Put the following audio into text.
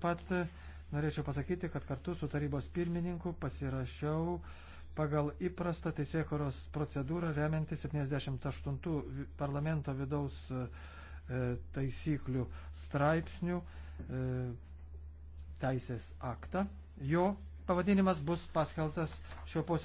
pat norėčiau pasakyti, kad kartu su tarybos pirmininku pasirašiau pagal įprastą teisėkoros procedūrą remiantį 78 parlamento vidaus e, taisyklių straipsnių e, teisės aktą. Jo pavadinimas bus paskeltas šio posėdžio.